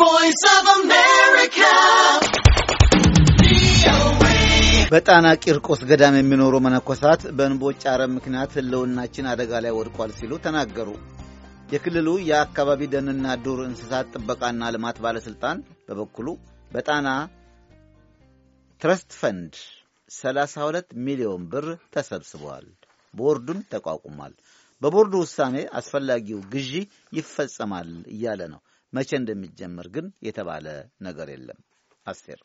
voice of America. በጣና ቂርቆስ ገዳም የሚኖሩ መነኮሳት በእንቦጭ አረም ምክንያት ሕልውናችን አደጋ ላይ ወድቋል ሲሉ ተናገሩ። የክልሉ የአካባቢ ደንና ዱር እንስሳት ጥበቃና ልማት ባለሥልጣን በበኩሉ በጣና ትረስት ፈንድ 32 ሚሊዮን ብር ተሰብስበዋል። ቦርዱም ተቋቁሟል። በቦርዱ ውሳኔ አስፈላጊው ግዢ ይፈጸማል እያለ ነው። መቼ እንደሚጀምር ግን የተባለ ነገር የለም። አስቴር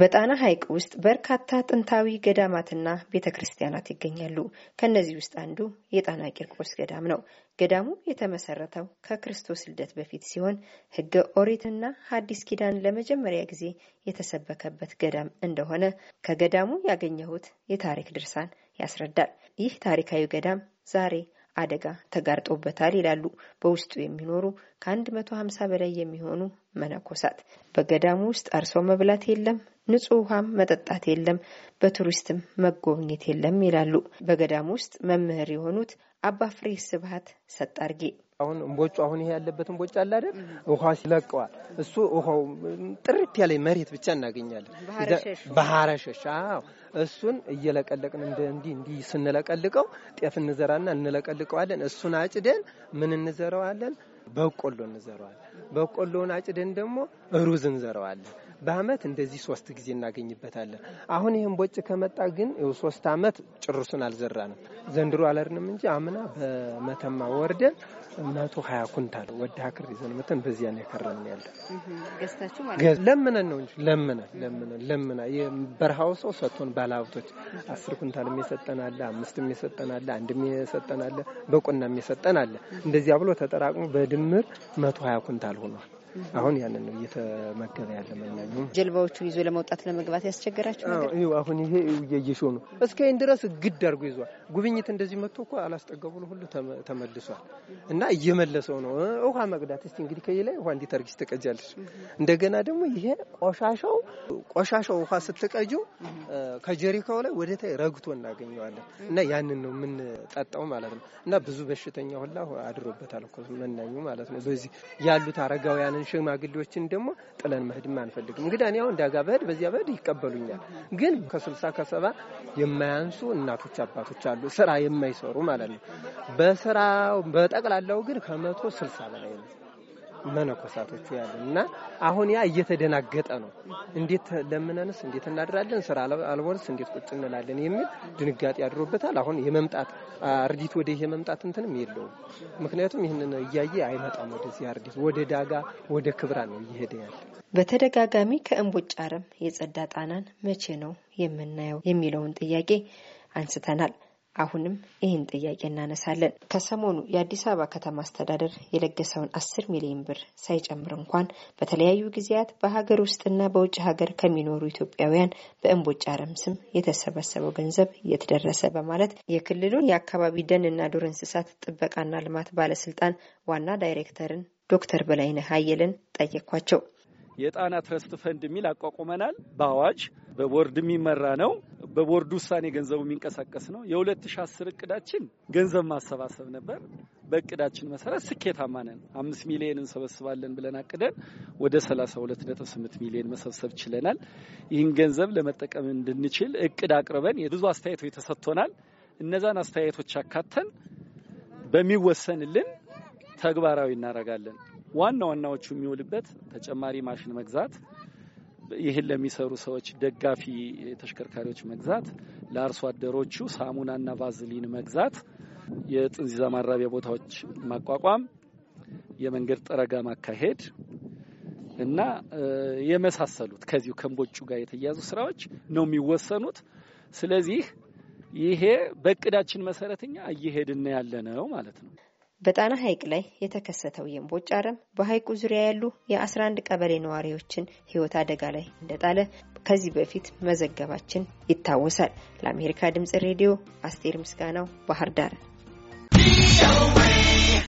በጣና ሐይቅ ውስጥ በርካታ ጥንታዊ ገዳማትና ቤተ ክርስቲያናት ይገኛሉ። ከእነዚህ ውስጥ አንዱ የጣና ቂርቆስ ገዳም ነው። ገዳሙ የተመሰረተው ከክርስቶስ ልደት በፊት ሲሆን ሕገ ኦሪትና ሐዲስ ኪዳን ለመጀመሪያ ጊዜ የተሰበከበት ገዳም እንደሆነ ከገዳሙ ያገኘሁት የታሪክ ድርሳን ያስረዳል። ይህ ታሪካዊ ገዳም ዛሬ አደጋ ተጋርጦበታል ይላሉ በውስጡ የሚኖሩ ከ150 በላይ የሚሆኑ መነኮሳት። በገዳሙ ውስጥ አርሶ መብላት የለም፣ ንጹህ ውሃም መጠጣት የለም፣ በቱሪስትም መጎብኘት የለም ይላሉ በገዳሙ ውስጥ መምህር የሆኑት አባ ፍሬ ስብሀት ሰጣርጌ አሁን እምቦጩ አሁን ይሄ ያለበት እምቦጭ አለ አይደል? ውሃ ሲለቀዋል እሱ ውሃው ጥርት ያለ መሬት ብቻ እናገኛለን። ባህረ ሸሽ። አዎ እሱን እየለቀለቅን እንደ እንዲህ እንዲህ ስንለቀልቀው ጤፍ እንዘራና እንለቀልቀዋለን። እሱን አጭደን ምን እንዘራዋለን? በቆሎ እንዘራዋለን። በቆሎውን አጭደን ደግሞ ሩዝ እንዘራዋለን። በአመት እንደዚህ ሶስት ጊዜ እናገኝበታለን። አሁን ይህም ቦጭ ከመጣ ግን ሶስት አመት ጭርሱን አልዘራንም። ዘንድሮ አለርንም እንጂ አምና በመተማ ወርደን መቶ ሀያ ኩንታል ወደ ሀክር ይዘን መተን በዚያ ነው የከረምን ያለ ለምነን ነው እንጂ ለምነን ለምነን ለምና በረሃው ሰው ሰጥቶን ባለሀብቶች አስር ኩንታል የሚሰጠናለ አምስት የሚሰጠናለ አንድ የሚሰጠናለ በቁና የሚሰጠናለ እንደዚያ ብሎ ተጠራቅሞ በድምር መቶ ሀያ ኩንታል ሆኗል። አሁን ያንን ነው እየተመገበ ያለ መናኙ። ጀልባዎቹን ይዞ ለመውጣት ለመግባት ያስቸገራቸው ነገር አሁን ይሄ እየየሾ ነው። እስከይን ድረስ ግድ አድርጎ ይዟል። ጉብኝት እንደዚህ መጥቶ እኮ አላስጠገቡ ሁሉ ተመልሷል። እና እየመለሰው ነው። ውሃ መቅዳት እስቲ እንግዲህ ከይ ላይ ውሃ እንዴት አድርጊ ትቀጃለች። እንደገና ደግሞ ይሄ ቆሻሻው ቆሻሻው ውሃ ስትቀጁ ከጀሪካው ላይ ወደ ታይ ረግቶ እናገኘዋለን እና ያንን ነው የምንጠጣው ማለት ነው። እና ብዙ በሽተኛ ሁላ አድሮበታል መናኙ ማለት ነው። በዚህ ያሉት አረጋውያን ያለን ሽማግሌዎችን ደግሞ ጥለን መሄድም አንፈልግም። እንግዳ እኔ አሁን ዳጋ በህድ በዚያ በህድ ይቀበሉኛል። ግን ከስልሳ ከሰባ የማያንሱ እናቶች አባቶች አሉ ስራ የማይሰሩ ማለት ነው። በስራ በጠቅላላው ግን ከመቶ ስልሳ በላይ ነው። መነኮሳቶቹ ያሉ እና አሁን ያ እየተደናገጠ ነው። እንዴት ለምነንስ እንዴት እናድራለን? ስራ አልቦንስ እንዴት ቁጭ እንላለን? የሚል ድንጋጤ ያድሮበታል። አሁን የመምጣት አርዲት ወደ ይሄ መምጣት እንትንም የለውም። ምክንያቱም ይህንን እያየ አይመጣም ወደዚህ አርዲት፣ ወደ ዳጋ ወደ ክብራ ነው እየሄደ ያለ። በተደጋጋሚ ከእምቦጭ አረም የጸዳ ጣናን መቼ ነው የምናየው የሚለውን ጥያቄ አንስተናል። አሁንም ይህን ጥያቄ እናነሳለን። ከሰሞኑ የአዲስ አበባ ከተማ አስተዳደር የለገሰውን አስር ሚሊዮን ብር ሳይጨምር እንኳን በተለያዩ ጊዜያት በሀገር ውስጥና በውጭ ሀገር ከሚኖሩ ኢትዮጵያውያን በእምቦጭ አረም ስም የተሰበሰበው ገንዘብ የት ደረሰ በማለት የክልሉን የአካባቢ ደንና ዱር እንስሳት ጥበቃና ልማት ባለስልጣን ዋና ዳይሬክተርን ዶክተር በላይነህ አየለን ጠየኳቸው። የጣና ትረስት ፈንድ የሚል አቋቁመናል። በአዋጅ በቦርድ የሚመራ ነው። በቦርድ ውሳኔ ገንዘቡ የሚንቀሳቀስ ነው። የ2010 እቅዳችን ገንዘብ ማሰባሰብ ነበር። በእቅዳችን መሰረት ስኬታማ ነን። አምስት ሚሊዮን እንሰበስባለን ብለን አቅደን ወደ 32.8 ሚሊዮን መሰብሰብ ችለናል። ይህን ገንዘብ ለመጠቀም እንድንችል እቅድ አቅርበን የብዙ አስተያየቶች ተሰጥቶናል። እነዛን አስተያየቶች አካተን በሚወሰንልን ተግባራዊ እናደርጋለን። ዋና ዋናዎቹ የሚውልበት ተጨማሪ ማሽን መግዛት ይህን ለሚሰሩ ሰዎች ደጋፊ ተሽከርካሪዎች መግዛት፣ ለአርሶ አደሮቹ ሳሙናና ቫዝሊን መግዛት፣ የጥንዚዛ ማራቢያ ቦታዎች ማቋቋም፣ የመንገድ ጠረጋ ማካሄድ እና የመሳሰሉት ከዚሁ ከእምቦጩ ጋር የተያያዙ ስራዎች ነው የሚወሰኑት። ስለዚህ ይሄ በእቅዳችን መሰረተኛ እኛ እየሄድን ያለ ነው ማለት ነው። በጣና ሐይቅ ላይ የተከሰተው የእምቦጭ አረም በሐይቁ ዙሪያ ያሉ የ11 ቀበሌ ነዋሪዎችን ሕይወት አደጋ ላይ እንደጣለ ከዚህ በፊት መዘገባችን ይታወሳል። ለአሜሪካ ድምጽ ሬዲዮ አስቴር ምስጋናው ባህር ዳር